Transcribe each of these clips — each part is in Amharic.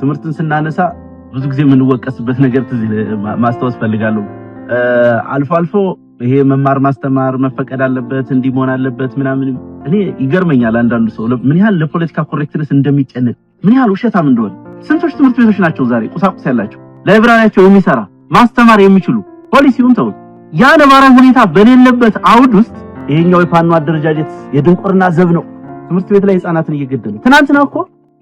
ትምህርትን ስናነሳ ብዙ ጊዜ የምንወቀስበት ነገር ትዝ ማስታወስ ፈልጋለሁ። አልፎ አልፎ ይሄ መማር ማስተማር መፈቀድ አለበት እንዲህ መሆን አለበት ምናምን፣ እኔ ይገርመኛል አንዳንዱ ሰው ምን ያህል ለፖለቲካ ኮሬክትነስ እንደሚጨነቅ ምን ያህል ውሸታም እንደሆነ። ስንቶች ትምህርት ቤቶች ናቸው ዛሬ ቁሳቁስ ያላቸው ላይብራሪያቸው የሚሰራ ማስተማር የሚችሉ ፖሊሲውም ተውት። ያ ነባራዊ ሁኔታ በሌለበት አውድ ውስጥ ይሄኛው የፋኖ አደረጃጀት የድንቁርና ዘብ ነው። ትምህርት ቤት ላይ ህፃናትን እየገደሉ ትናንትና እኮ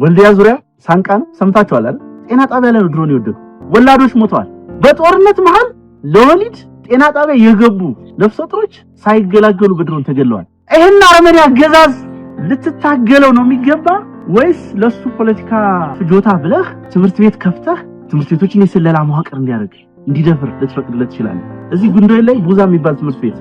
ወልዲያ ዙሪያ ሳንቃ ነው፣ ሰምታችኋል አይደል? ጤና ጣቢያ ላይ ድሮን የወደቁ ወላዶች ሞተዋል። በጦርነት መሃል ለወሊድ ጤና ጣቢያ የገቡ ነፍሰ ጡሮች ሳይገላገሉ በድሮን ተገለዋል። ይህን አረመኔ አገዛዝ ልትታገለው ነው የሚገባ ወይስ ለሱ ፖለቲካ ፍጆታ ብለህ ትምህርት ቤት ከፍተህ ትምህርት ቤቶችን የስለላ መዋቅር እንዲያደርግ እንዲደፍር ልትፈቅድለት ትችላለህ? እዚህ ጉንዳይ ላይ ቡዛ የሚባል ትምህርት ቤት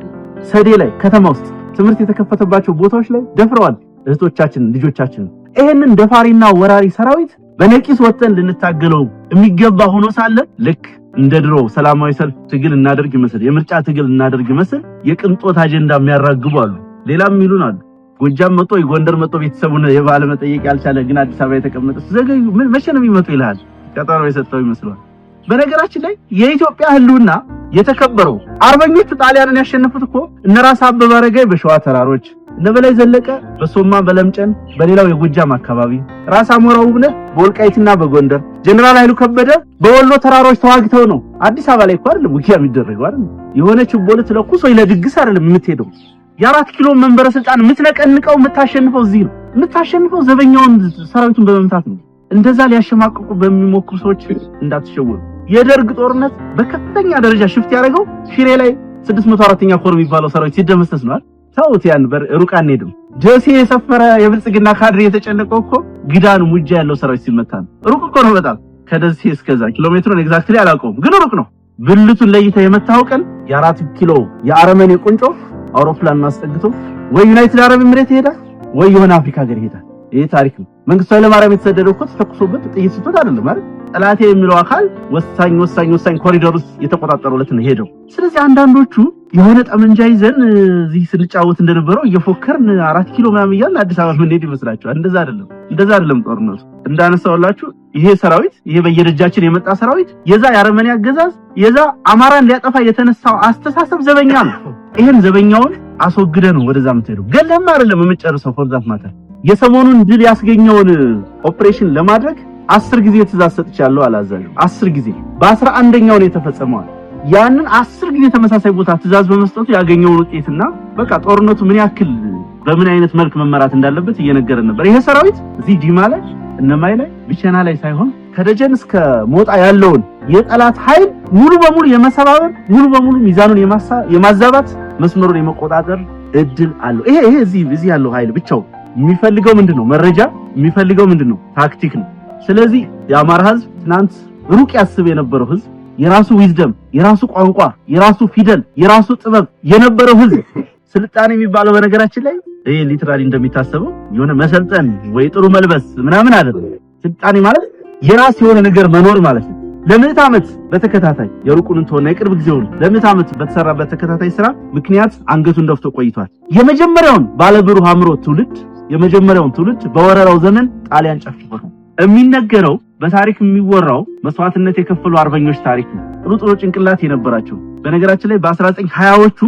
ሰዴ ላይ ከተማ ውስጥ ትምህርት የተከፈተባቸው ቦታዎች ላይ ደፍረዋል እህቶቻችን ልጆቻችን ይህንን ደፋሪና ወራሪ ሰራዊት በነቂስ ወጥተን ልንታገለው የሚገባ ሆኖ ሳለ ልክ እንደ ድሮ ሰላማዊ ሰልፍ ትግል እናደርግ ይመስል የምርጫ ትግል እናደርግ ይመስል የቅንጦት አጀንዳ የሚያራግቡ አሉ። ሌላም ይሉን አሉ። ጎጃም መጦ የጎንደር መጦ ቤተሰቡን የባለ መጠየቅ ያልቻለ ግን አዲስ አበባ የተቀመጠ ዘገዩ መቼ ነው የሚመጡ ይልሃል። ቀጠሮ የሰጠው ይመስለዋል። በነገራችን ላይ የኢትዮጵያ ህልውና የተከበረው አርበኞች ጣሊያንን ያሸነፉት እኮ እነ ራስ አበበ አረጋይ በሸዋ ተራሮች፣ እነ በላይ ዘለቀ በሶማ በለምጨን፣ በሌላው የጎጃም አካባቢ ራስ አሞራ ውብነህ በወልቃይትና በጎንደር ጀነራል ኃይሉ ከበደ በወሎ ተራሮች ተዋግተው ነው። አዲስ አበባ ላይ እኮ አይደለም ውጊያ የሚደረገው አይደል? የሆነ ችቦ ልትለኩስ ወይ ለድግስ አይደለም የምትሄደው። የአራት ኪሎ መንበረ ስልጣን የምትነቀንቀው የምታሸንፈው እዚህ ነው። የምታሸንፈው ዘበኛውን ሰራዊቱን በመምታት ነው። እንደዛ ሊያሸማቅቁ በሚሞክሩ ሰዎች እንዳትሸወኑ። የደርግ ጦርነት በከፍተኛ ደረጃ ሽፍት ያደረገው ሽሬ ላይ 604ኛ ኮር የሚባለው ሰራዊት ሲደመሰስ ነው። ተውት፣ ያን ሩቅ አንሄድም። ደሴ የሰፈረ የብልጽግና ካድሬ የተጨነቀው እኮ ግዳን ሙጃ ያለው ሰራዊት ሲመታ ነው። ሩቅ እኮ ነው በጣም ከደሴ እስከዛ። ሜትሩን ኤግዛክትሊ አላውቀውም፣ ግን ሩቅ ነው። ብልቱን ለይተ የመታው ቀን የአራት ኪሎ የአረመኔ ቁንጮ አውሮፕላን አስጠግቶ ወይ ዩናይትድ አረብ ኤምሬት ይሄዳል ወይ የሆነ አፍሪካ ሀገር ይሄዳል። ይሄ ታሪክ ነው። መንግስቱ ኃይለማርያም የተሰደደው እኮ ተተኩሶበት ጥይት ስቶት አይደለም ማለት ጠላቴ የሚለው አካል ወሳኝ ወሳኝ ወሳኝ ኮሪደር ውስጥ የተቆጣጠሩለት ነው ሄደው። ስለዚህ አንዳንዶቹ የሆነ ጠመንጃ ይዘን እዚህ ስንጫወት እንደነበረው እየፎከርን አራት ኪሎ ምናምን እያልን አዲስ አበባ ምንሄድ ይመስላቸዋል። እንደዛ አይደለም፣ እንደዛ አይደለም። ጦርነቱ እንዳነሳውላችሁ ይሄ ሰራዊት ይሄ በየደጃችን የመጣ ሰራዊት የዛ የአረመኔ አገዛዝ የዛ አማራን ሊያጠፋ የተነሳው አስተሳሰብ ዘበኛ ነው። ይህን ዘበኛውን አስወግደ ነው ወደዛ ምትሄደው ገለም አይደለም የምጨርሰው ፎርዛት ማተር የሰሞኑን ድል ያስገኘውን ኦፕሬሽን ለማድረግ አስር ጊዜ ትእዛዝ ሰጥቻለሁ አላዛዡ። አስር ጊዜ በአስራ አንደኛው ነው የተፈጸመዋል። ያንን አስር ጊዜ ተመሳሳይ ቦታ ትእዛዝ በመስጠቱ ያገኘውን ውጤትና በቃ ጦርነቱ ምን ያክል በምን አይነት መልክ መመራት እንዳለበት እየነገረን ነበር። ይሄ ሰራዊት እዚህ ዲማ ላይ እነማይ ላይ ብቸና ላይ ሳይሆን ከደጀን እስከ ሞጣ ያለውን የጠላት ኃይል ሙሉ በሙሉ የመሰባበር ሙሉ በሙሉ ሚዛኑን የማዛባት መስመሩን የመቆጣጠር እድል አለው። ይሄ ይሄ እዚህ እዚህ ያለው ኃይል ብቻው የሚፈልገው ምንድን ነው? መረጃ የሚፈልገው ምንድን ነው? ታክቲክ ነው። ስለዚህ የአማራ ህዝብ ትናንት ሩቅ ያስብ የነበረው ህዝብ የራሱ ዊዝደም፣ የራሱ ቋንቋ፣ የራሱ ፊደል፣ የራሱ ጥበብ የነበረው ህዝብ ስልጣኔ የሚባለው በነገራችን ላይ ይሄ ሊትራሊ እንደሚታሰበው የሆነ መሰልጠን ወይ ጥሩ መልበስ ምናምን አይደለም። ስልጣኔ ማለት የራስ የሆነ ነገር መኖር ማለት ነው። ለምዕት ዓመት በተከታታይ የሩቁን እንተሆና የቅርብ ጊዜውን ለምዕት ዓመት በተሰራበት ተከታታይ ስራ ምክንያት አንገቱን ደፍቶ ቆይቷል። የመጀመሪያውን ባለብሩህ አእምሮ ትውልድ የመጀመሪያውን ትውልድ በወረራው ዘመን ጣሊያን ጨፍጭፎት ነው። የሚነገረው በታሪክ የሚወራው መስዋዕትነት የከፈሉ አርበኞች ታሪክ ነው። ጥሩ ጥሩ ጭንቅላት የነበራቸው በነገራችን ላይ በ1920ዎቹ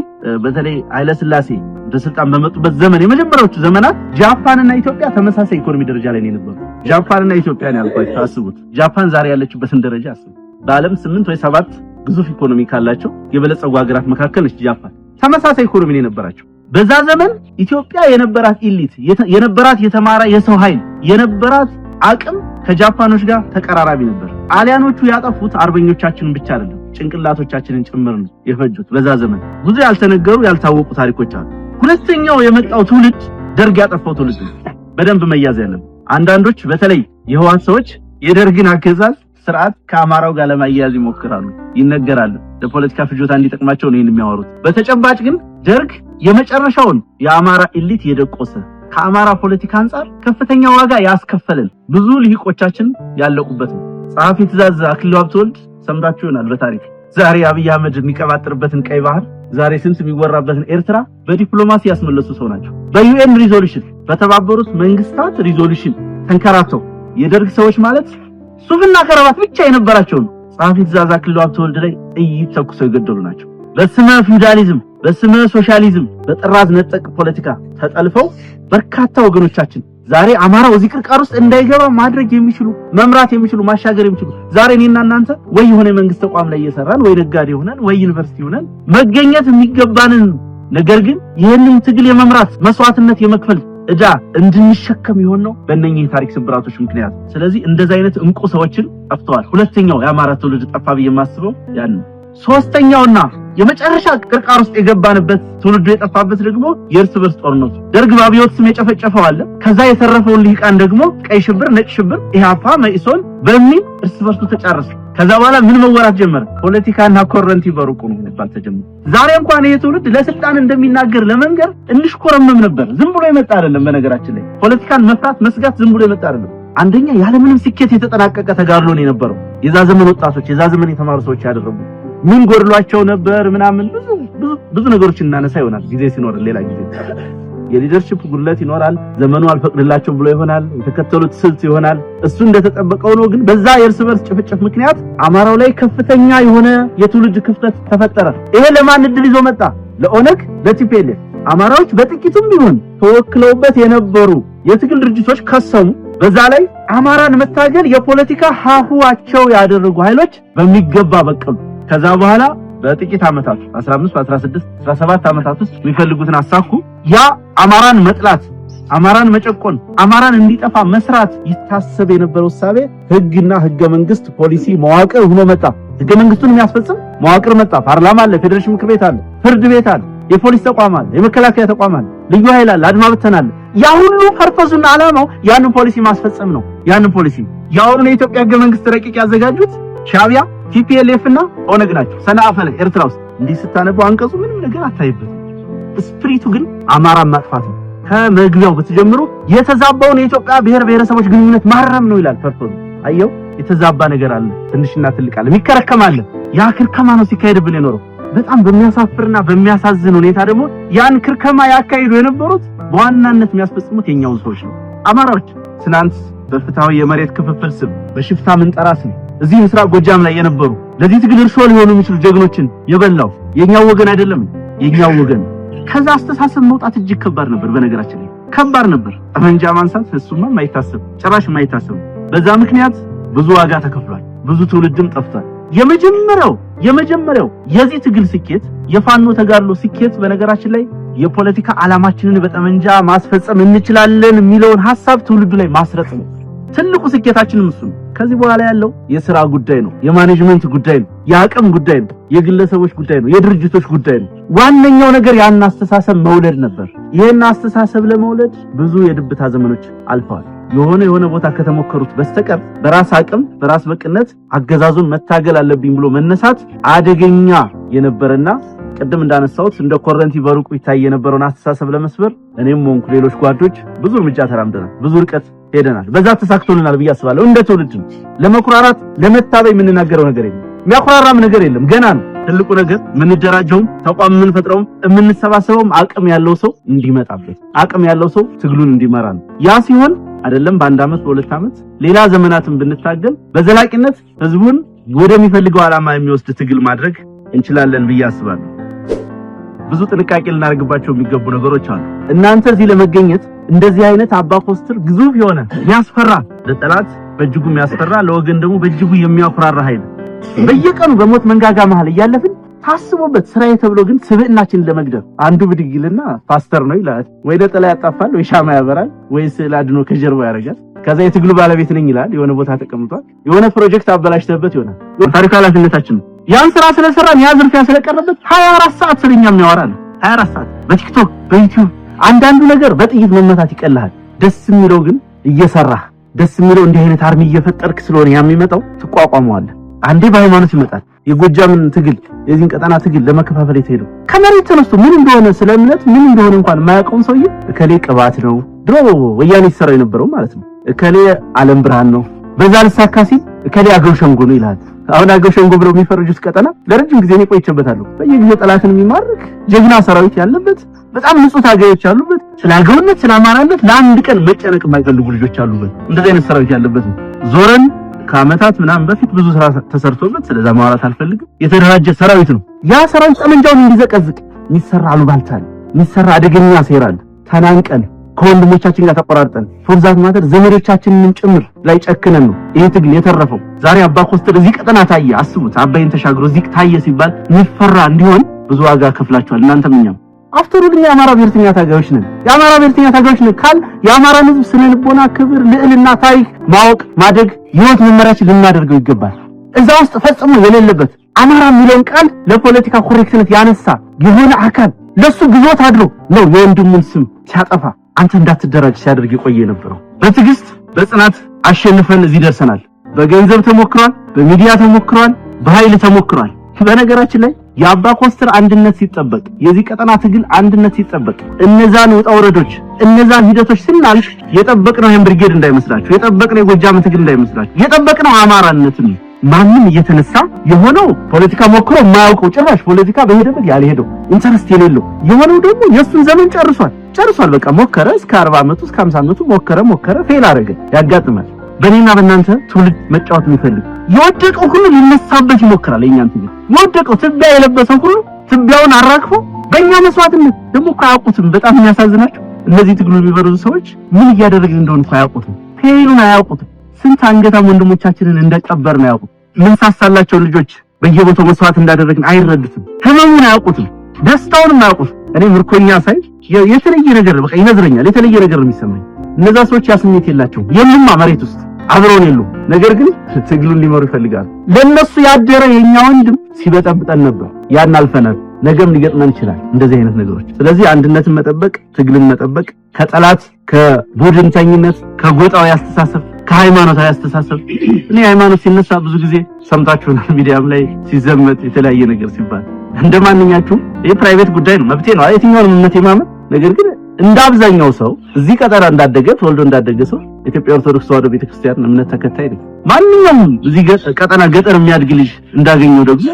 በተለይ ኃይለስላሴ በስልጣን በመጡበት ዘመን የመጀመሪያዎቹ ዘመናት ጃፓንና ኢትዮጵያ ተመሳሳይ ኢኮኖሚ ደረጃ ላይ ነው የነበሩ። ጃፓንና ኢትዮጵያ ነው ያልኳቸው። አስቡት፣ ጃፓን ዛሬ ያለችበትን ደረጃ አስቡ። በዓለም ስምንት ወይ ሰባት ግዙፍ ኢኮኖሚ ካላቸው የበለጸጉ ሀገራት መካከል ነች ጃፓን። ተመሳሳይ ኢኮኖሚ ነው የነበራቸው። በዛ ዘመን ኢትዮጵያ የነበራት ኢሊት የነበራት የተማረ የሰው ኃይል የነበራት አቅም ከጃፓኖች ጋር ተቀራራቢ ነበር። ጣሊያኖቹ ያጠፉት አርበኞቻችንን ብቻ አይደለም ጭንቅላቶቻችንን ጭምር ነው የፈጁት። በዛ ዘመን ብዙ ያልተነገሩ ያልታወቁ ታሪኮች አሉ። ሁለተኛው የመጣው ትውልድ ደርግ ያጠፋው ትውልድ ነው። በደንብ መያዝ ያለብን አንዳንዶች፣ በተለይ የህወሓት ሰዎች የደርግን አገዛዝ ስርዓት ከአማራው ጋር ለማያያዝ ይሞክራሉ፣ ይነገራሉ። ለፖለቲካ ፍጆታ እንዲጠቅማቸው ነው ይህን የሚያወሩት። በተጨባጭ ግን ደርግ የመጨረሻውን የአማራ ኤሊት የደቆሰ ከአማራ ፖለቲካ አንጻር ከፍተኛ ዋጋ ያስከፈለን ብዙ ልሂቆቻችን ያለቁበት ነው። ጸሐፊ ትእዛዝ አክሊሉ ሀብተወልድ ሰምታችሁ ይሆናል በታሪክ ዛሬ አብይ አህመድ የሚቀባጥርበትን ቀይ ባህር ዛሬ ስምስ የሚወራበትን ኤርትራ በዲፕሎማሲ ያስመለሱ ሰው ናቸው። በዩኤን ሪዞሉሽን በተባበሩት መንግስታት ሪዞሉሽን ተንከራተው የደርግ ሰዎች ማለት ሱፍና ከረባት ብቻ የነበራቸው ነው። ጸሐፊ ትእዛዝ አክሊሉ ሀብተወልድ ላይ ጥይት ተኩሰው የገደሉ ናቸው። በስመ ፊውዳሊዝም በስመ ሶሻሊዝም በጥራዝ ነጠቅ ፖለቲካ ተጠልፈው በርካታ ወገኖቻችን ዛሬ አማራው እዚህ ቅርቃር ውስጥ እንዳይገባ ማድረግ የሚችሉ መምራት የሚችሉ ማሻገር የሚችሉ ዛሬ እኔና እናንተ ወይ የሆነ የመንግስት ተቋም ላይ እየሰራን ወይ ነጋዴ ሆነን ወይ ዩኒቨርሲቲ ሆነን መገኘት የሚገባንን ነገር ግን ይህንን ትግል የመምራት መስዋዕትነት የመክፈል እዳ እንድንሸከም የሆን ነው በእነኚህ የታሪክ ስብራቶች ምክንያት። ስለዚህ እንደዚህ አይነት እንቁ ሰዎችን ጠፍተዋል። ሁለተኛው የአማራ ትውልድ ጠፋ ብዬ የማስበው ያን ሶስተኛውና የመጨረሻ ቅርቃር ውስጥ የገባንበት ትውልዱ የጠፋበት ደግሞ የእርስ በርስ ጦርነቱ ደርግ በአብዮት ስም የጨፈጨፈው አለ። ከዛ የተረፈውን ልሂቃን ደግሞ ቀይ ሽብር፣ ነጭ ሽብር፣ ኢህአፓ፣ መኢሶን በሚል እርስ በርሱ ተጫረሰ። ከዛ በኋላ ምን መወራት ጀመረ? ፖለቲካና ኮረንቲ በሩቁ ነው የሚባል ተጀመረ። ዛሬ እንኳን ይሄ ትውልድ ለስልጣን እንደሚናገር ለመንገር እንሽኮረመም ነበር። ዝም ብሎ የመጣ አይደለም። በነገራችን ላይ ፖለቲካን መፍራት መስጋት ዝም ብሎ የመጣ አይደለም። አንደኛ ያለምንም ስኬት የተጠናቀቀ ተጋድሎ ነው የነበረው። የዛ ዘመን ወጣቶች የዛ ዘመን የተማሩ ሰዎች ያደረጉት ምን ጎድሏቸው ነበር ምናምን ብዙ ብዙ ነገሮችን እናነሳ ይሆናል። ጊዜ ሲኖር ሌላ ጊዜ የሊደርሺፕ ጉድለት ይኖራል። ዘመኑ አልፈቅድላቸው ብሎ ይሆናል የተከተሉት ስልት ይሆናል። እሱ እንደተጠበቀው ነው። ግን በዛ የእርስ በርስ ጭፍጭፍ ምክንያት አማራው ላይ ከፍተኛ የሆነ የትውልድ ክፍተት ተፈጠረ። ይሄ ለማን እድል ይዞ መጣ? ለኦነግ፣ ለቲፒኤልኤፍ አማራዎች በጥቂቱም ቢሆን ተወክለውበት የነበሩ የትግል ድርጅቶች ከሰሙ። በዛ ላይ አማራን መታገል የፖለቲካ ሀሁዋቸው ያደረጉ ኃይሎች በሚገባ በቀሉ። ከዛ በኋላ በጥቂት ዓመታት 15 16 17 ዓመታት ውስጥ የሚፈልጉትን አሳኩ። ያ አማራን መጥላት፣ አማራን መጨቆን፣ አማራን እንዲጠፋ መስራት ይታሰብ የነበረው እሳቤ ህግና ህገ መንግስት ፖሊሲ መዋቅር ሆኖ መጣ። ህገ መንግስቱን የሚያስፈጽም መዋቅር መጣ። ፓርላማ አለ፣ ፌዴሬሽን ምክር ቤት አለ፣ ፍርድ ቤት አለ፣ የፖሊስ ተቋም አለ፣ የመከላከያ ተቋም አለ፣ ልዩ ኃይል አለ፣ አድማ ብተና አለ። ያ ሁሉ ፐርፐዙና ዓላማው ያንን ፖሊሲ ማስፈጸም ነው። ያንን ፖሊሲ ያሁኑን የኢትዮጵያ ህገ መንግስት ረቂቅ ያዘጋጁት ሻቢያ። ቲፒኤልኤፍ እና ኦነግ ናቸው። ሰንአፈ ኤርትራ ውስጥ እንዲህ ስታነበው አንቀጹ ምንም ነገር አታይበትም። ስፕሪቱ ግን አማራን ማጥፋት ነው። ከመግቢያው በተጀምሮ የተዛባውን የኢትዮጵያ ብሔር ብሔረሰቦች ግንኙነት ማረም ነው ይላል። ፈርቶ አየው የተዛባ ነገር አለ። ትንሽና ትልቅ አለ፣ የሚከረከም አለ። ያ ክርከማ ነው ሲካሄድብን የኖረው። በጣም በሚያሳፍርና በሚያሳዝን ሁኔታ ደግሞ ያን ክርከማ ያካሂዱ የነበሩት በዋናነት የሚያስፈጽሙት የኛውን ሰዎች ነው። አማራዎች ትናንት በፍትሃዊ የመሬት ክፍፍል ስም በሽፍታ ምንጠራ ስም እዚህ ምስራቅ ጎጃም ላይ የነበሩ ለዚህ ትግል እርሾ ሊሆኑ የሚችሉ ጀግኖችን የበላው የኛው ወገን አይደለም፣ የኛው ወገን። ከዛ አስተሳሰብ መውጣት እጅግ ከባድ ነበር። በነገራችን ላይ ከባድ ነበር። ጠመንጃ ማንሳት እሱማ ማይታሰብ ጭራሽ ማይታሰብ። በዛ ምክንያት ብዙ ዋጋ ተከፍሏል። ብዙ ትውልድም ጠፍቷል። የመጀመሪያው የመጀመሪያው የዚህ ትግል ስኬት የፋኖ ተጋድሎ ስኬት በነገራችን ላይ የፖለቲካ ዓላማችንን በጠመንጃ ማስፈጸም እንችላለን የሚለውን ሐሳብ ትውልዱ ላይ ማስረጽ ነው። ትልቁ ስኬታችንም እሱ ነው። ከዚህ በኋላ ያለው የስራ ጉዳይ ነው፣ የማኔጅመንት ጉዳይ ነው፣ የአቅም ጉዳይ ነው፣ የግለሰቦች ጉዳይ ነው፣ የድርጅቶች ጉዳይ ነው። ዋነኛው ነገር ያን አስተሳሰብ መውለድ ነበር። ይህን አስተሳሰብ ለመውለድ ብዙ የድብታ ዘመኖች አልፈዋል። የሆነ የሆነ ቦታ ከተሞከሩት በስተቀር በራስ አቅም በራስ በቅነት አገዛዙን መታገል አለብኝ ብሎ መነሳት አደገኛ የነበረና ቅድም እንዳነሳሁት እንደ ኮረንቲ በሩቁ ይታይ የነበረውን አስተሳሰብ ለመስበር እኔም ሆንኩ ሌሎች ጓዶች ብዙ እርምጃ ተራምደናል። ብዙ ርቀት ሄደናል። በዛ ተሳክቶልናል ብዬ አስባለሁ። እንደ ትውልድ ለመኩራራት ለመታበይ የምንናገረው ነገር የለም። የሚያኩራራም ነገር የለም። ገና ነው። ትልቁ ነገር የምንደራጀውም ተቋም የምንፈጥረውም የምንሰባሰበውም አቅም ያለው ሰው እንዲመጣበት አቅም ያለው ሰው ትግሉን እንዲመራ ነው። ያ ሲሆን አይደለም በአንድ ዓመት በሁለት ዓመት ሌላ ዘመናትን ብንታገል በዘላቂነት ህዝቡን ወደሚፈልገው ዓላማ የሚወስድ ትግል ማድረግ እንችላለን ብዬ አስባለሁ። ብዙ ጥንቃቄ ልናደርግባቸው የሚገቡ ነገሮች አሉ። እናንተ እዚህ ለመገኘት እንደዚህ አይነት አባ ኮስትር ግዙፍ የሆነ የሚያስፈራ ለጠላት በእጅጉ የሚያስፈራ ለወገን ደግሞ በእጅጉ የሚያኩራራ ኃይል በየቀኑ በሞት መንጋጋ መሀል እያለፍን ታስቦበት ስራዬ ተብሎ ግን ስብዕናችንን ለመግደል አንዱ ብድግልና ፓስተር ነው ይላል። ወይ ነጠላ ያጣፋል፣ ወይ ሻማ ያበራል፣ ወይ ስዕል አድኖ ከጀርባ ያደርጋል። ከዛ የትግሉ ባለቤት ነኝ ይላል። የሆነ ቦታ ተቀምጧል። የሆነ ፕሮጀክት አበላሽተበት ይሆናል። ታሪክ ኃላፊነታችን ነው። ያን ስራ ስለሰራን ያ ዝርፊያ ስለቀረበት 24 ሰዓት ስለኛ የሚያወራ ነው። 24 ሰዓት በቲክቶክ በዩቲዩብ አንዳንዱ ነገር በጥይት መመታት ይቀልሃል። ደስ የሚለው ግን እየሰራህ ደስ የሚለው እንዲህ አይነት አርሚ እየፈጠርክ ስለሆነ ያ የሚመጣው ትቋቋመዋለህ። አንዴ በሃይማኖት ይመጣል። የጎጃምን ትግል የዚህን ቀጠና ትግል ለመከፋፈል የተሄደው ከመሬት ተነስቶ ምን እንደሆነ ስለ እምነት ምን እንደሆነ እንኳን የማያውቀውን ሰውዬ እከሌ ቅባት ነው ድሮ ወያኔ ሲሰራው የነበረው ማለት ነው፣ እከሌ አለም ብርሃን ነው፣ በዛ ልሳካ ሲል እከሌ አገው ሸንጎ ነው ይላል። አሁን አገው ሸንጎ ብለው የሚፈርጁት ቀጠና ለረጅም ጊዜ እኔ ቆይቼበታለሁ። በየጊዜው ጠላትን የሚማርክ ጀግና ሰራዊት ያለበት በጣም ንጹህ ታጋዮች አሉበት። ስለ አገውነት ስለ አማራነት ለአንድ ቀን መጨነቅ የማይፈልጉ ልጆች አሉበት። እንደዚህ አይነት ሰራዊት ያለበት ዞረን ከአመታት ምናምን በፊት ብዙ ስራ ተሰርቶበት ስለዛ ማውራት አልፈልግም። የተደራጀ ሰራዊት ነው። ያ ሰራዊት ጠመንጃውን እንዲዘቀዝቅ የሚሰራ አሉባልታ አለ፣ የሚሰራ አደገኛ ሴራ አለ። ተናንቀን ከወንድሞቻችን ጋር ተቆራርጠን ፎርዛት ማተር ዘመዶቻችንንም ጭምር ላይ ጨክነን ነው ይህ ትግል የተረፈው። ዛሬ አባ ኮስተር እዚህ ቀጠና ታየ። አስቡት፣ አባይን ተሻግሮ እዚህ ታየ ሲባል የሚፈራ እንዲሆን ብዙ ዋጋ ከፍላችኋል እናንተም እኛም አፍተሩል እኛ የአማራ ብሔርተኛ ታጋዮች ነን። የአማራ ብሔርተኛ ታጋዮች ነን ካል የአማራን ህዝብ ስነ ልቦና፣ ክብር፣ ልዕልና፣ ታሪክ ማወቅ፣ ማደግ፣ ህይወት መመሪያችን ልናደርገው ይገባል። እዛ ውስጥ ፈጽሞ የሌለበት አማራ የሚለውን ቃል ለፖለቲካ ኮሬክትነት ያነሳ የሆነ አካል ለሱ ግዞት አድሮ ነው የወንድሙን ስም ሲያጠፋ አንተ እንዳትደራጅ ሲያደርግ የቆየ የነበረው። በትዕግስት በጽናት አሸንፈን እዚህ ደርሰናል። በገንዘብ ተሞክሯል፣ በሚዲያ ተሞክሯል፣ በኃይል ተሞክሯል። በነገራችን ላይ የአባ ኮስተር አንድነት ሲጠበቅ፣ የዚህ ቀጠና ትግል አንድነት ሲጠበቅ፣ እነዛን ውጣ ውረዶች እነዛን ሂደቶች ስናልፍ የጠበቅነው ይሄን ብርጌድ እንዳይመስላችሁ፣ የጠበቅነው የጎጃም ትግል እንዳይመስላችሁ፣ የጠበቅነው አማራነትን ማንም እየተነሳ የሆነው ፖለቲካ ሞክሮ የማያውቀው ጭራሽ ፖለቲካ በሄደበት ያልሄደው ኢንተረስት የሌለው የሆነው ደግሞ የእሱን ዘመን ጨርሷል ጨርሷል። በቃ ሞከረ እስከ 40 ዓመቱ እስከ 50 ዓመቱ ሞከረ ሞከረ ፌል አደረገ። ያጋጥማል። በእኔና በእናንተ ትውልድ መጫወት የሚፈልግ የወደቀው ሁሉ ሊነሳበት ይሞክራል። የኛን ትግል የወደቀው ትቢያ የለበሰው ሁሉ ትቢያውን አራግፎ በእኛ መስዋዕትነት ደግሞ እኮ አያውቁትም። በጣም የሚያሳዝናቸው እነዚህ ትግሉ የሚበረዙ ሰዎች ምን እያደረግን እንደሆነ እኮ አያውቁትም። ፌሉን አያውቁትም። ስንት አንገታም ወንድሞቻችንን እንደቀበር ነው ያውቁት። ሳሳላቸው ልጆች በየቦታው መስዋዕት እንዳደረግን አይረዱትም። ህመሙን አያውቁትም። ደስታውንም አያውቁትም። እኔ ምርኮኛ ሳይ የተለየ ነገር በቃ ይነዝረኛል። የተለየ ነገር ነው የሚሰማኝ። እነዛ ሰዎች ያ ስሜት የላቸውም መሬት ውስጥ አብረውን የሉም። ነገር ግን ትግሉን ሊመሩ ይፈልጋሉ። ለነሱ ያደረ የኛ ወንድም ሲበጠብጠን ነበር። ያን አልፈናል። ነገም ሊገጥመን ይችላል እንደዚህ አይነት ነገሮች። ስለዚህ አንድነትን መጠበቅ፣ ትግልን መጠበቅ ከጠላት ከቡድንተኝነት፣ ከጎጣዊ አስተሳሰብ፣ ከሃይማኖታዊ አስተሳሰብ እኔ ሃይማኖት ሲነሳ ብዙ ጊዜ ሰምታችሁናል፣ ሚዲያም ላይ ሲዘመጥ የተለያየ ነገር ሲባል እንደ ማንኛችሁም የፕራይቬት ጉዳይ ነው፣ መብቴ ነው የትኛውንም እምነት የማመን ነገር ግን እንደ አብዛኛው ሰው እዚህ ቀጠራ እንዳደገ ተወልዶ እንዳደገ ሰው ኢትዮጵያ ኦርቶዶክስ ተዋህዶ ቤተክርስቲያን እምነት ተከታይ ነው። ማንኛውም እዚህ ቀጠና ገጠር የሚያድግ ልጅ እንዳገኘው ደግሞ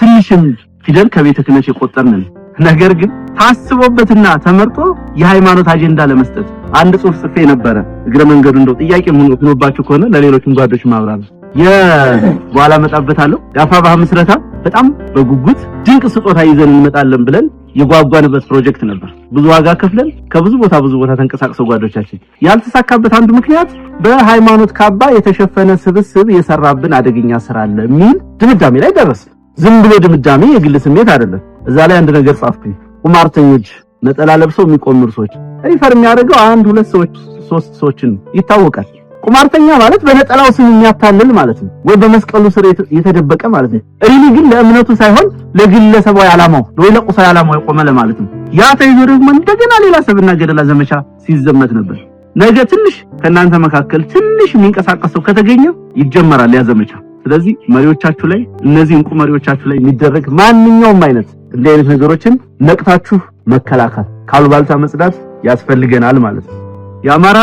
ትንሽም ፊደል ከቤተ ክህነት የቆጠርን ነገር ግን ታስቦበትና ተመርጦ የሃይማኖት አጀንዳ ለመስጠት አንድ ጽሑፍ ጽፌ ነበረ። እግረ መንገዱ እንደው ጥያቄ ሆኖባችሁ ከሆነ ለሌሎችም ጓዶች ማብራሪያ የበኋላ እመጣበታለሁ። የአፋብኃ ምስረታ በጣም በጉጉት ድንቅ ስጦታ ይዘን እንመጣለን ብለን የጓጓንበት ፕሮጀክት ነበር። ብዙ ዋጋ ከፍለን ከብዙ ቦታ ብዙ ቦታ ተንቀሳቅሰው ጓዶቻችን ያልተሳካበት አንዱ ምክንያት በሃይማኖት ካባ የተሸፈነ ስብስብ የሰራብን አደገኛ ስራ አለ የሚል ድምዳሜ ላይ ደረስን። ዝም ብሎ ድምዳሜ የግል ስሜት አይደለም። እዛ ላይ አንድ ነገር ጻፍኩኝ። ቁማርተኞች፣ ነጠላ ለብሰው የሚቆምሩ ሰዎች ሪፈር የሚያደርገው አንድ ሁለት ሰዎች ሶስት ሰዎችን ይታወቃል። ቁማርተኛ ማለት በነጠላው ስም የሚያታልል ማለት ነው፣ ወይ በመስቀሉ ስር የተደበቀ ማለት ነው። ሪሊ ግን ለእምነቱ ሳይሆን ለግለሰባዊ ዓላማው ወይ ለቁሳዊ ዓላማው የቆመ ለማለት ነው። ያ ተይዞ ደግሞ እንደገና ሌላ ሰብና ገደላ ዘመቻ ሲዘመት ነበር። ነገ ትንሽ ከእናንተ መካከል ትንሽ የሚንቀሳቀስ ሰው ከተገኘ ይጀመራል ያ ዘመቻ። ስለዚህ መሪዎቻችሁ ላይ እነዚህ እንቁ መሪዎቻችሁ ላይ የሚደረግ ማንኛውም አይነት እንዲህ አይነት ነገሮችን ነቅታችሁ መከላከል፣ ካሉባልታ መጽዳት ያስፈልገናል ማለት ነው። የአማራ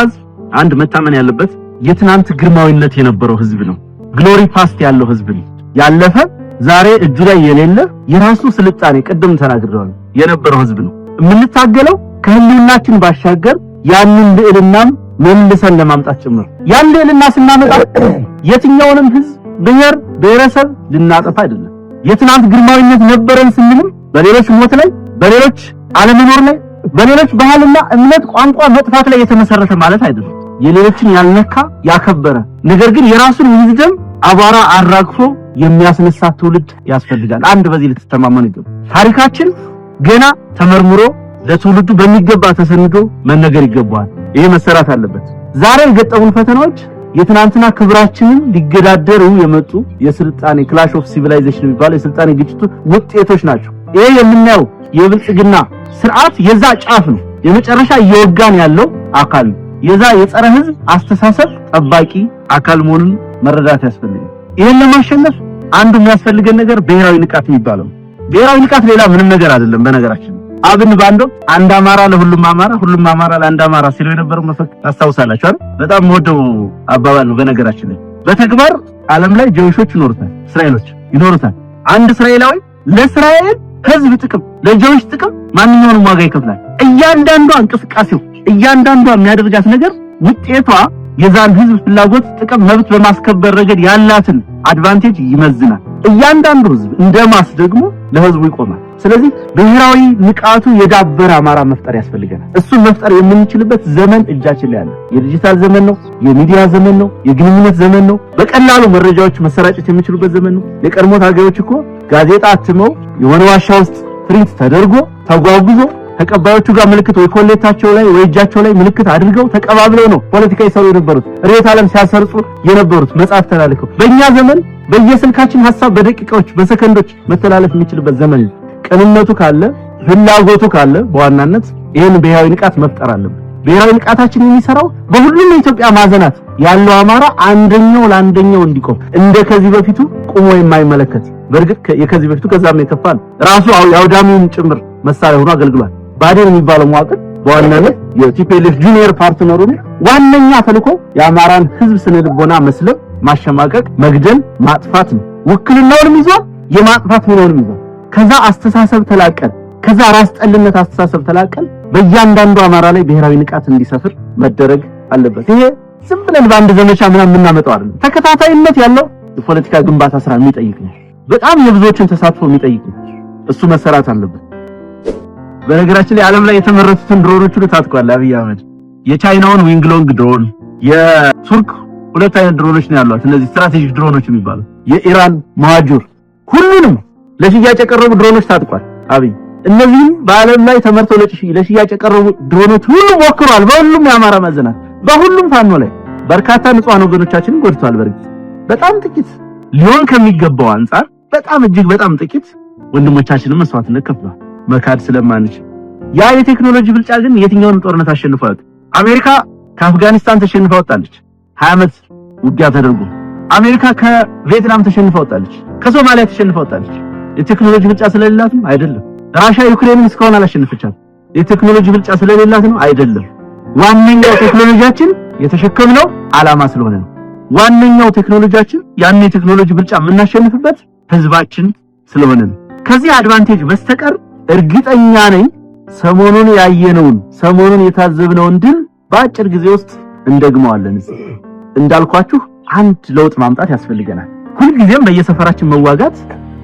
አንድ መታመን ያለበት የትናንት ግርማዊነት የነበረው ህዝብ ነው። ግሎሪ ፓስት ያለው ህዝብ ነው። ያለፈ ዛሬ እጁ ላይ የሌለ የራሱ ስልጣኔ ቅድም ተናግረዋል የነበረው ህዝብ ነው። የምንታገለው ከህልናችን ባሻገር ያንን ልዕልናም መልሰን ለማምጣት ጭምር። ያን ልዕልና ስናመጣ የትኛውንም ህዝብ፣ ብሔር፣ ብሔረሰብ ልናጠፋ አይደለም። የትናንት ግርማዊነት ነበረን ስንልም በሌሎች ሞት ላይ፣ በሌሎች አለመኖር ላይ፣ በሌሎች ባህልና እምነት፣ ቋንቋ መጥፋት ላይ የተመሰረተ ማለት አይደለም። የሌሎችን ያልነካ ያከበረ ነገር ግን የራሱን የህዝብ አቧራ አራግፎ የሚያስነሳ ትውልድ ያስፈልጋል። አንድ በዚህ ልትተማመኑ ይገባል። ታሪካችን ገና ተመርምሮ ለትውልዱ በሚገባ ተሰንዶ መነገር ይገባዋል። ይሄ መሰራት አለበት። ዛሬ የገጠሙን ፈተናዎች የትናንትና ክብራችንን ሊገዳደሩ የመጡ የስልጣኔ ክላሽ ኦፍ ሲቪላይዜሽን የሚባለው የስልጣኔ ግጭቱ ውጤቶች ናቸው። ይሄ የምናየው የብልጽግና ስርዓት የዛ ጫፍ ነው። የመጨረሻ እየወጋን ያለው አካል ነው። የዛ የጸረ ህዝብ አስተሳሰብ ጠባቂ አካል መሆኑን መረዳት ያስፈልጋል። ይህን ለማሸነፍ አንዱ የሚያስፈልገን ነገር ብሔራዊ ንቃት የሚባለው ብሔራዊ ንቃት ሌላ ምንም ነገር አይደለም። በነገራችን አብን ባንዶ አንድ አማራ ለሁሉም አማራ፣ ሁሉም አማራ ለአንድ አማራ ሲለው የነበረው መፈክ ታስታውሳላችሁ አይደል? በጣም ወደው አባባል ነው። በነገራችን ላይ በተግባር ዓለም ላይ ጀዊሾች ይኖሩታል፣ እስራኤሎች ይኖሩታል። አንድ እስራኤላዊ ለእስራኤል ህዝብ ጥቅም፣ ለጀዊሽ ጥቅም ማንኛውንም ዋጋ ይከፍላል። እያንዳንዷ እንቅስቃሴው እያንዳንዷ የሚያደርጋት ነገር ውጤቷ የዛን ህዝብ ፍላጎት፣ ጥቅም፣ መብት በማስከበር ረገድ ያላትን አድቫንቴጅ ይመዝናል። እያንዳንዱ ህዝብ እንደ ማስ ደግሞ ለህዝቡ ይቆማል። ስለዚህ ብሔራዊ ንቃቱ የዳበረ አማራ መፍጠር ያስፈልገናል። እሱን መፍጠር የምንችልበት ዘመን እጃችን ላይ አለ። የዲጂታል ዘመን ነው፣ የሚዲያ ዘመን ነው፣ የግንኙነት ዘመን ነው። በቀላሉ መረጃዎች መሰራጨት የሚችሉበት ዘመን ነው። የቀድሞት ሀገሮች እኮ ጋዜጣ አትመው የሆነ ዋሻ ውስጥ ፕሪንት ተደርጎ ተጓጉዞ ተቀባዮቹ ጋር ምልክት ወይ ኮሌታቸው ላይ ወይ እጃቸው ላይ ምልክት አድርገው ተቀባብለው ነው ፖለቲካ ይሰሩ የነበሩት፣ ሬት ዓለም ሲያሰርጹ የነበሩት መጽሐፍ ተላልከው። በእኛ ዘመን በየስልካችን ሀሳብ በደቂቃዎች በሰከንዶች መተላለፍ የሚችልበት ዘመን ነው። ቅንነቱ ካለ ፍላጎቱ ካለ በዋናነት ይህን ብሔራዊ ንቃት መፍጠር አለብን። ብሔራዊ ንቃታችን የሚሰራው በሁሉም የኢትዮጵያ ማዘናት ያለው አማራ አንደኛው ለአንደኛው እንዲቆም እንደ ከዚህ በፊቱ ቁሞ የማይመለከት በእርግጥ የከዚህ በፊቱ ከዛም የከፋ ነው። ራሱ የአውዳሚውን ጭምር መሳሪያ ሆኖ አገልግሏል። ባዴን የሚባለው መዋቅር በዋናነት የቲፒኤልኤፍ ጁኒየር ፓርትነሩ ዋነኛ ተልኮ የአማራን ህዝብ ስነልቦና መስለብ፣ ማሸማቀቅ፣ መግደል፣ ማጥፋት ነው። ውክልናውንም ይዟል፣ የማጥፋት ሚናውንም ይዟል። ከዛ አስተሳሰብ ተላቀን ከዛ ራስ ጠልነት አስተሳሰብ ተላቀን በእያንዳንዱ አማራ ላይ ብሔራዊ ንቃት እንዲሰፍር መደረግ አለበት። ይሄ ዝም ብለን በአንድ ዘመቻ ምናምን የምናመጣው አይደለም። ተከታታይነት ያለው የፖለቲካ ግንባታ ስራ የሚጠይቅ ነው። በጣም የብዙዎችን ተሳትፎ የሚጠይቅ ነው። እሱ መሰራት አለበት። በነገራችን ላይ ዓለም ላይ የተመረቱትን ድሮኖች ሁሉ ታጥቋል አብይ አህመድ። የቻይናውን ዊንግሎንግ ድሮን፣ የቱርክ ሁለት አይነት ድሮኖች ነው ያሏት፣ እነዚህ ስትራቴጂክ ድሮኖች የሚባሉ የኢራን መዋጁር፣ ሁሉንም ለሽያጭ የቀረቡ ድሮኖች ታጥቋል አብይ። እነዚህም በዓለም ላይ ተመርተው ለሽያጭ የቀረቡ ድሮኖች ሁሉ ሞክሯል። በሁሉም የአማራ ማዘናት፣ በሁሉም ፋኖ ላይ በርካታ ንጹሃን ወገኖቻችንን ጎድቷል። በእርግጥ በጣም ጥቂት ሊሆን ከሚገባው አንጻር በጣም እጅግ በጣም ጥቂት ወንድሞቻችንን መስዋዕትነት ከፍሏል። መካድ ስለማንችል ያ የቴክኖሎጂ ብልጫ ግን የትኛውንም ጦርነት አሸንፏል። አሜሪካ ከአፍጋኒስታን ተሸንፋ ወጣለች። 20 ዓመት ውጊያ ተደርጎ አሜሪካ ከቪየትናም ተሸንፋ ወጣለች። ከሶማሊያ ተሸንፋ ወጣለች። የቴክኖሎጂ ብልጫ ስለሌላትም አይደለም። ራሻ ዩክሬንን እስካሁን አላሸንፈቻት። የቴክኖሎጂ ብልጫ ስለሌላት ነው አይደለም። ዋነኛው ቴክኖሎጂያችን የተሸከምነው ዓላማ ስለሆነ ነው። ዋነኛው ቴክኖሎጂያችን ያን የቴክኖሎጂ ብልጫ የምናሸንፍበት ህዝባችን ስለሆነ ነው። ከዚህ አድቫንቴጅ በስተቀር እርግጠኛ ነኝ ሰሞኑን ያየነውን ሰሞኑን የታዘብነውን ድል በአጭር ጊዜ ውስጥ እንደግመዋለን። እንዳልኳችሁ አንድ ለውጥ ማምጣት ያስፈልገናል። ሁልጊዜም በየሰፈራችን መዋጋት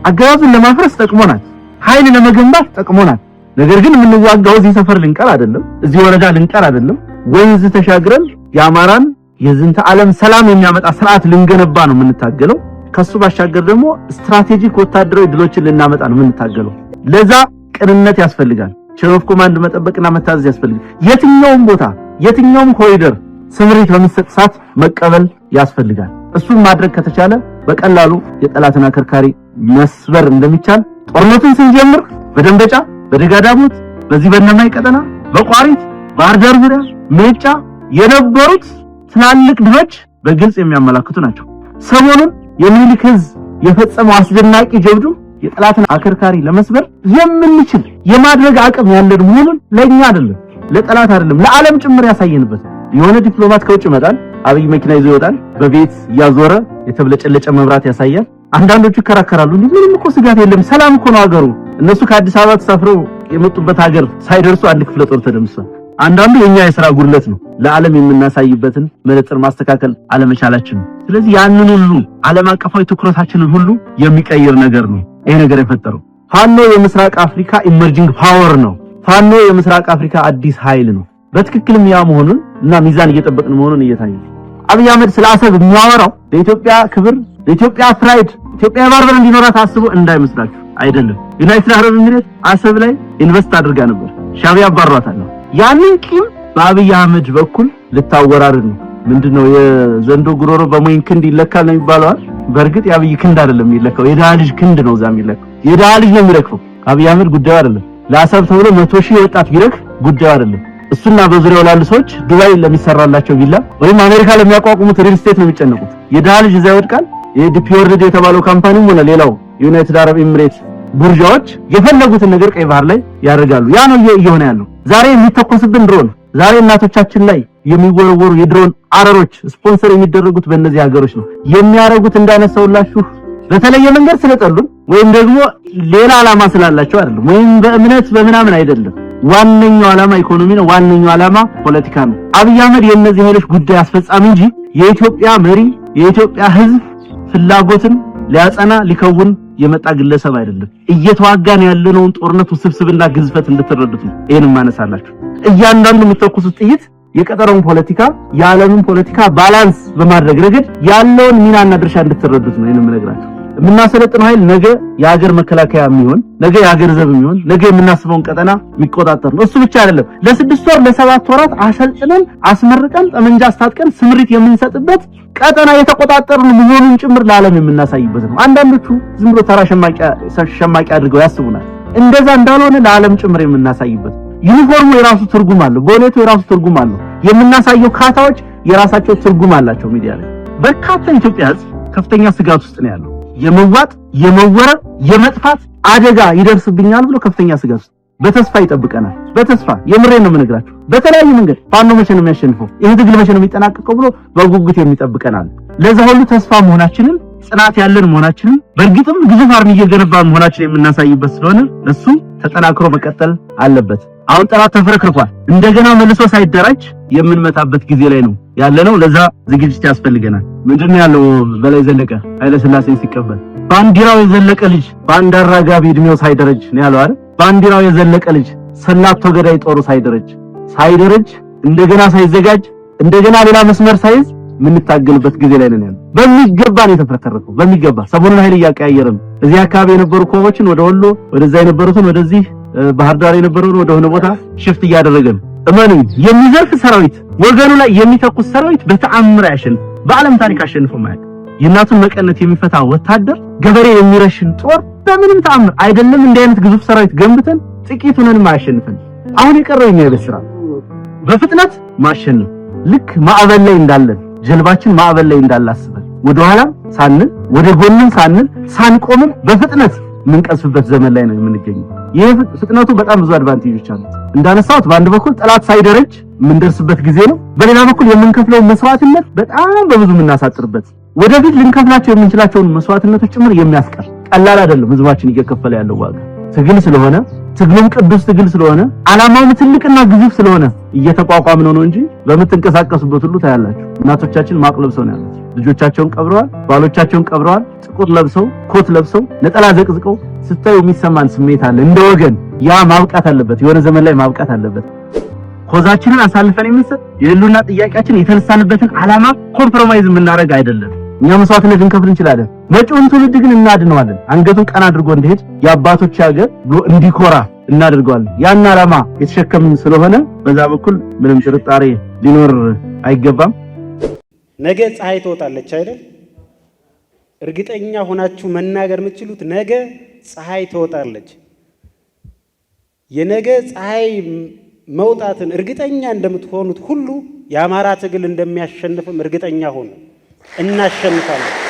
አገዛዙን ለማፍረስ ጠቅሞናል፣ ኃይል ለመገንባት ጠቅሞናል። ነገር ግን የምንዋጋው እዚህ ሰፈር ልንቀር አይደለም፣ እዚህ ወረዳ ልንቀር አይደለም። ወንዝ ተሻግረን የአማራን የዝንተ ዓለም ሰላም የሚያመጣ ስርዓት ልንገነባ ነው የምንታገለው። ከሱ ባሻገር ደግሞ ስትራቴጂክ ወታደራዊ ድሎችን ልናመጣ ነው የምንታገለው ለዛ ቅንነት ያስፈልጋል። ቼን ኦፍ ኮማንድ መጠበቅና መታዘዝ ያስፈልጋል። የትኛውም ቦታ የትኛውም ኮሪደር ስምሪት በሚሰጥ ሰዓት መቀበል ያስፈልጋል። እሱን ማድረግ ከተቻለ በቀላሉ የጠላትን አከርካሪ መስበር እንደሚቻል ጦርነቱን ስንጀምር በደንበጫ፣ በደጋ በዚህ በእነማይ ቀጠና፣ በቋሪት፣ ባህር ዳር ዙሪያ፣ ሜጫ የነበሩት ትላልቅ ድሎች በግልጽ የሚያመላክቱ ናቸው። ሰሞኑን የሚኒልክ ህዝብ የፈጸመው አስደናቂ ጀብዱ የጠላትን አከርካሪ ለመስበር የምንችል የማድረግ አቅም ያለን መሆኑን ለእኛ አይደለም ለጠላት አይደለም ለዓለም ጭምር ያሳየንበት። የሆነ ዲፕሎማት ከውጭ ይመጣል፣ አብይ መኪና ይዞ ይወጣል፣ በቤት ያዞረ የተብለጨለጨ መብራት ያሳያል። አንዳንዶቹ ይከራከራሉ። እንዲህ ምንም እኮ ስጋት የለም ሰላም እኮ ነው አገሩ። እነሱ ከአዲስ አበባ ተሳፍረው የመጡበት ሀገር ሳይደርሱ አንድ ክፍለ ጦር ተደምሷል። አንዳንዱ የኛ የሥራ ጉድለት ነው፣ ለዓለም የምናሳይበትን መነጽር ማስተካከል አለመቻላችን ነው። ስለዚህ ያንን ሁሉ ዓለም አቀፋዊ ትኩረታችንን ሁሉ የሚቀይር ነገር ነው። ይሄ ነገር የፈጠረው ፋኖ የምስራቅ አፍሪካ ኢመርጂንግ ፓወር ነው። ፋኖ የምስራቅ አፍሪካ አዲስ ኃይል ነው። በትክክልም ያ መሆኑን እና ሚዛን እየጠበቅን መሆኑን እየታየ አብይ አህመድ ስለ አሰብ የሚያወራው ለኢትዮጵያ ክብር፣ ለኢትዮጵያ ፍራይድ ኢትዮጵያ የባህር በር እንዲኖራት አስቦ እንዳይመስላችሁ አይደለም። ዩናይትድ አረብ ኤሚሬት አሰብ ላይ ኢንቨስት አድርጋ ነበር። ሻዕቢያ አባሯታል። ያንን ቂም በአብይ አህመድ በኩል ልታወራርድ ነው። ምንድነው የዘንዶ ጉሮሮ በሞይን ክንድ ይለካል ነው ይባለዋል። በእርግጥ የአብይ ክንድ አይደለም የሚለከው፣ የድሃ ልጅ ክንድ ነው እዛ የሚለካው። የድሃ ልጅ ነው የሚረክፈው። አብይ አህመድ ጉዳዩ አይደለም። ለአሰብ ተብሎ መቶ ሺህ ወጣት ቢረግፍ ጉዳዩ አይደለም። እሱና በዙሪያው ላሉ ሰዎች ዱባይ ለሚሰራላቸው ቪላ ወይም አሜሪካ ለሚያቋቁሙት ሪል ስቴት ነው የሚጨነቁት። የድሃ ልጅ እዛ ይወድቃል። የዲፒ ወርልድ የተባለው ካምፓኒም ሆነ ሌላው ዩናይትድ አረብ ኤምሬት ቡርዣዎች የፈለጉትን ነገር ቀይ ባህር ላይ ያደርጋሉ። ያ ነው እየሆነ ያለው። ዛሬ የሚተኮስብን ድሮን ዛሬ እናቶቻችን ላይ የሚወረወሩ የድሮን አረሮች ስፖንሰር የሚደረጉት በእነዚህ ሀገሮች ነው። የሚያደርጉት እንዳነሳውላችሁ በተለየ መንገድ ስለጠሉን ወይም ደግሞ ሌላ ዓላማ ስላላቸው አይደለም፣ ወይም በእምነት በምናምን አይደለም። ዋነኛው ዓላማ ኢኮኖሚ ነው። ዋነኛው ዓላማ ፖለቲካ ነው። አብይ አህመድ የእነዚህ ኃይሎች ጉዳይ አስፈጻሚ እንጂ የኢትዮጵያ መሪ የኢትዮጵያ ሕዝብ ፍላጎትን ሊያጸና ሊከውን የመጣ ግለሰብ አይደለም። እየተዋጋን ያለነውን ጦርነት ውስብስብና ግዝፈት እንድትረዱት ነው። ይሄንም ማነሳላችሁ እያንዳንዱ የምትተኩሱት ጥይት የቀጠሮን ፖለቲካ የዓለምን ፖለቲካ ባላንስ በማድረግ ረገድ ያለውን ሚናና ድርሻ እንድትረዱት ነው የምነግራቸው። የምናሰለጥነው ኃይል ነገ የሀገር መከላከያ የሚሆን ነገ የሀገር ዘብ የሚሆን ነገ የምናስበውን ቀጠና የሚቆጣጠር ነው። እሱ ብቻ አይደለም። ለስድስት ወር ለሰባት ወራት አሰልጥነን አስመርቀን ጠመንጃ አስታጥቀን ስምሪት የምንሰጥበት ቀጠና የተቆጣጠርን መሆኑን ጭምር ለዓለም የምናሳይበት ነው። አንዳንዶቹ ዝም ብሎ ተራ ሸማቂ አድርገው ያስቡናል። እንደዛ እንዳልሆነ ለዓለም ጭምር የምናሳይበት ዩኒፎርሙ የራሱ ትርጉም አለው። ቦኔቱ የራሱ ትርጉም አለው። የምናሳየው ካታዎች የራሳቸው ትርጉም አላቸው። ሚዲያ ላይ በርካታ ኢትዮጵያ ሕዝብ ከፍተኛ ስጋት ውስጥ ነው ያለው። የመዋጥ የመወረ የመጥፋት አደጋ ይደርስብኛል ብሎ ከፍተኛ ስጋት ውስጥ በተስፋ ይጠብቀናል። በተስፋ የምሬ ነው የምነግራችሁ። በተለያዩ መንገድ ፋኖ መቼ ነው የሚያሸንፈው፣ ይህ ትግል መቼ ነው የሚጠናቀቀው ብሎ በጉጉት የሚጠብቀናል። ለዛ ሁሉ ተስፋ መሆናችንን ጽናት ያለን መሆናችንን በእርግጥም ግዙፍ አርሚ እየገነባ መሆናችን የምናሳይበት ስለሆነ እሱ ተጠናክሮ መቀጠል አለበት። አሁን ጠላት ተፈረክርኳል። እንደገና መልሶ ሳይደራጅ የምንመታበት ጊዜ ላይ ነው ያለነው። ለዛ ዝግጅት ያስፈልገናል። ምንድነው ያለው በላይ ዘለቀ ኃይለ ሥላሴን ሲቀበል ባንዲራው የዘለቀ ልጅ በአንድ አራጋቢ እድሜው ሳይደረጅ ነው ያለው አይደል? ባንዲራው የዘለቀ ልጅ ሰላቶ ገዳይ ጦሩ ሳይደረጅ ሳይደረጅ እንደገና ሳይዘጋጅ እንደገና ሌላ መስመር ሳይዝ የምንታገልበት ጊዜ ላይ ነን። በሚገባ ነው የተፈረከረከው። በሚገባ ሰሞኑን ኃይል እያቀያየርን እዚህ አካባቢ የነበሩ ኮቦችን ወደ ወሎ፣ ወደዛ የነበሩትን ወደዚህ ባህር ዳር የነበረውን ወደሆነ ቦታ ሽፍት እያደረገ እመኑ፣ የሚዘርፍ ሰራዊት ወገኑ ላይ የሚተኩስ ሰራዊት በተአምር ያሸንፍ በዓለም ታሪክ አሸንፎ ማለት የእናቱን መቀነት የሚፈታ ወታደር ገበሬ የሚረሽን ጦር በምንም ተአምር አይደለም። እንዲህ አይነት ግዙፍ ሰራዊት ገንብተን ጥቂቱንም አያሸንፈን። አሁን የቀረው የኛ የቤት ስራ በፍጥነት ማሸነፍ። ልክ ማዕበል ላይ እንዳለን ጀልባችን ማዕበል ላይ እንዳላስበን ወደኋላም ሳንል ወደ ጎንም ሳንል ሳንቆምም በፍጥነት የምንቀስፍበት ዘመን ላይ ነው የምንገኘው። ይህ ፍጥነቱ በጣም ብዙ አድቫንቴጆች አሉት። እንዳነሳሁት በአንድ በኩል ጠላት ሳይደረጅ የምንደርስበት ጊዜ ነው። በሌላ በኩል የምንከፍለው መስዋዕትነት በጣም በብዙ የምናሳጥርበት ወደፊት ልንከፍላቸው የምንችላቸውን መስዋዕትነቶች ጭምር የሚያስቀር ቀላል አይደለም። ህዝባችን እየከፈለ ያለው ዋጋ ትግል ስለሆነ ትግሉም ቅዱስ ትግል ስለሆነ ዓላማውም ትልቅና ግዙፍ ስለሆነ እየተቋቋም ነው ነው እንጂ በምትንቀሳቀሱበት ሁሉ ታያላችሁ። እናቶቻችን ማቅ ለብሰው ነው ያሉት። ልጆቻቸውን ቀብረዋል፣ ባሎቻቸውን ቀብረዋል። ጥቁር ለብሰው ኮት ለብሰው ነጠላ ዘቅዝቀው ስታዩ የሚሰማን ስሜት አለ እንደ ወገን። ያ ማብቃት አለበት፣ የሆነ ዘመን ላይ ማብቃት አለበት። ኮዛችንን አሳልፈን የምንሰጥ የህልውና ጥያቄያችን የተነሳንበትን ዓላማ ኮምፕሮማይዝ የምናደርግ አይደለም። እኛ መስዋዕትነት ልንከፍል እንችላለን። መጪውን ትውልድ ግን እናድነዋለን። አንገቱን ቀና አድርጎ እንዲሄድ የአባቶች ሀገር እንዲኮራ እናደርገዋለን። ያን ዓላማ የተሸከምን ስለሆነ በዛ በኩል ምንም ጥርጣሬ ሊኖር አይገባም። ነገ ፀሐይ ትወጣለች አይደል? እርግጠኛ ሆናችሁ መናገር የምትችሉት ነገ ፀሐይ ትወጣለች። የነገ ፀሐይ መውጣትን እርግጠኛ እንደምትሆኑት ሁሉ የአማራ ትግል እንደሚያሸንፍም እርግጠኛ ሆኑ። እናሸንፋለን።